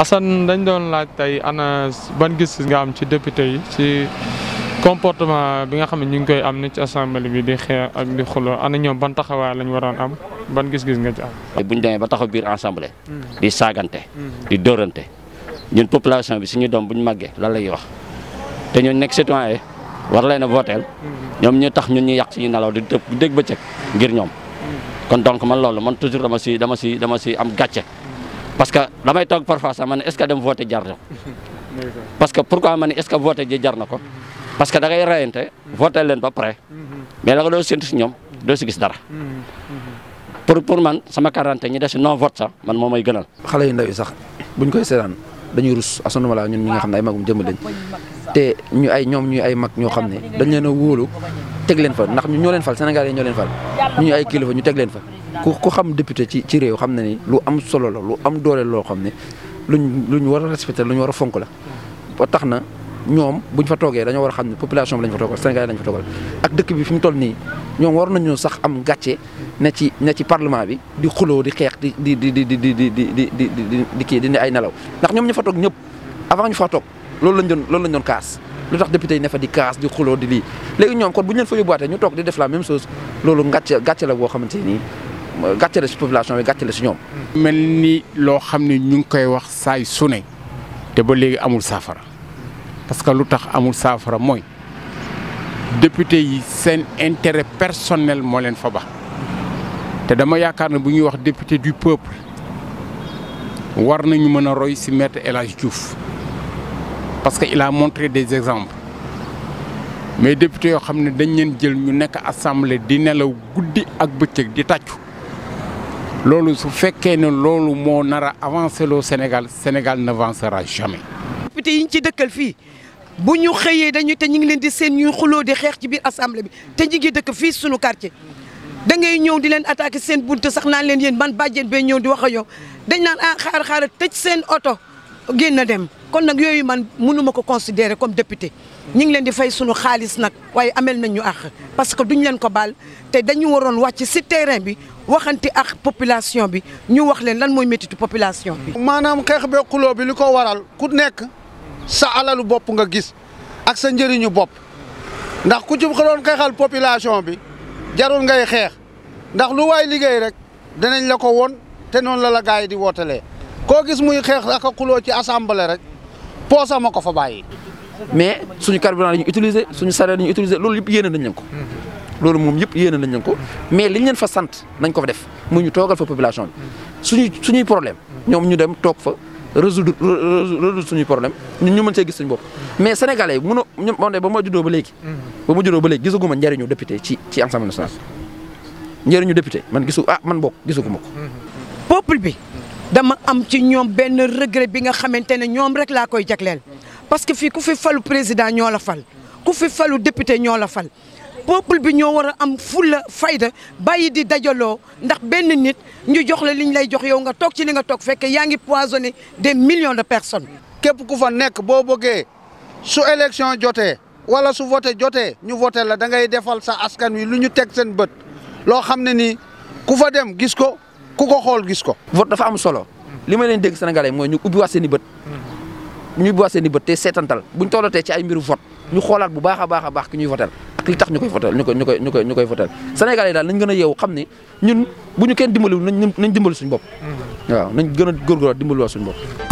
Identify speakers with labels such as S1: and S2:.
S1: Assane dañ doon laaj tey ana ban gis-gis nga am ci député yi ci comportement bi nga xam ne ñu ngi koy am ni ci assemblée bi di xeex ak di ana ñoom ban taxawaay lañu waroon am ban gis-gis nga ci
S2: am. bu ñu demee ba taxaw biir assemblée. Hmm. di saagante. Hmm. di dóorante ñun population bi suñu doom bu ñu màggee lan lay wax te ñun nekk citoyen war leen a booteel hmm. ñoom ñu tax ñu ñu yàq suñu nelaw di dégg bëccëg ngir ñoom kon donc man loolu man toujours dama si dama si dama si am gàcce. parce que damay toog parfois sax ma ne est ce que dem voté jar na parce que pourquoi ma ne est ce que ko parce que da ngay rayante voté leen ba pare mais la nga doon séntu si ñoom doo si gis dara pour pour man sama quarante ñi des si non vote sax man moom mooy gënal. xale yu ndaw yi sax
S3: buñ koy seetaan dañuy rus asanuma laa ñu ñi nga xam ne ay magum jëmm lañ te ñu ay ñoom ñu ay mag ñoo xam ne dañ leen a wóolu teg leen fa ndax ñu ñoo leen fal Sénégal yi ñoo leen fal ñu ay kilifa ñu teg leen fa. ku ku xam député ci ci réew xam na ni lu am solo la lu am doole loo xam ne luñ luñ war a respecté luñ war a fonk la ba tax na ñoom buñ fa toogee dañoo war a xam ne population bi lañ fa toogal Sénégal lañ fa toogal ak dëkk bi fi mu toll nii ñoom war nañu sax am gàcce bi di xuloo di xeex di di di di di di di di di di kii di ne ay nelaw ndax ñoom ñu fa toog ñëpp avant ñu fa toog loolu lañ doon loolu lañ doon kaas lu tax député yi ne fa di kaas di xuloo di lii léegi ñoom kon bu ñu fa yóbbuwaatee ñu toog di def la même chose loolu ngàcce la boo xamante nii gàcce si population bi gàcce la si ñoom. mel nii loo xam ne ñu ngi koy wax saay su ne te ba
S1: léegi amul saafara parce que lu tax amul saafara mooy député yi seen intérêt personnel moo leen fa ba te dama yaakaar ne bu ñuy wax député du peuple war nañu mën a roy si maître El Hadj Diouf parce que il a montré des exemples mais député yoo xam ne dañ leen jël ñu nekk assemblée di nelaw guddi ak bëccëg di tàccu. loolu su fekkee ne loolu moo nar a avancé loo Sénégal Sénégal n'avancera jamais.
S4: député yi ñu ci dëkkal fii bu ñu xëyee dañuy te ñu ngi leen di seen ñuy xuloo di xeex ci biir assemblée bi te ñu ngi dëkk fii suñu quartier da ngay ñëw di leen attaqué seen bunt sax naan leen yéen man bàjjeen bee ñëw di wax ak yow dañ naan ah xaar xaar tëj seen oto génn dem. kon nag yooyu man mënuma ko considérer comme député ñu ngi leen di fay sunu xaalis nag waaye ameel nañ ñu àq parce que duñ leen ko baal te dañu waroon wàcc si terrain bi waxanti ak population bi ñu wax leen lan mooy méttitu population bi. maanaam xeex be xuloo bi lu ko waral ku nekk
S5: sa alalu bopp nga gis ak sa njëriñu bopp ndax ku ci doon xeexal population bi jarul ngay xeex ndax lu waay liggéey rek danañ la ko woon te noonu la la gars yi di wootalee koo gis muy xeex ak xuloo ci assemblée rek.
S3: poosam moo ko fa bàyyi mais suñu carburant la ñu utiliser suñu sareet la loolu yëpp yéene nañ leen ko loolu moom yëpp yéene nañ leen ko mais liñ leen fa sant nañ ko fa def mu ñu toogal fa population bi suñuy suñuy problème ñoom ñu dem toog fa résoudre résoudre suñuy problème ñun ñu mën see gis suñu bopp mais sénégalais yi mënoo ñu man de ba ma juddoo ba léegi ba ma juddoo ba léegi ci ci assemblée nationale njëriñu député man gisu ah man bokk
S4: ko dama am ci ñoom benn regret bi nga xamante ne ñoom rek laa koy jagleel parce que fii ku fi falu président ñoo la fal ku fi falu député ñoo la fal peuple bi ñoo war a am fulla fayda bàyyi di dajaloo ndax benn nit ñu jox la li ñu lay jox yow nga toog ci li nga toog fekk yaa ngi poisonné des million de personnes. képp ku
S5: fa nekk boo bëggee su élection jotee wala su voté jotee ñu voté la da ngay defal sa askan wi lu ñu teg seen bët loo xam ne nii ku fa dem gis ko.
S3: ku ko xool gis ko. vote dafa am solo. li ma leen dégg Sénégalais mooy ñu ubbiwaat seen i bët. ñu ubbiwaat seen i bët te seetantal buñ tollatee ci ay mbiru vote ñu xoolaat bu baax a baax a baax ki ñuy votel ak li tax ñu koy votel ñu koy ñu ñu koy ñu koy votel Sénégalais daal nañ gën a yeewu xam ne ñun bu ñu kenn dimbaliwul nañ nañ dimbali bopp. Mm-hmm. waaw nañ gën a góorgóorlu dimbaliwaat suñu bopp.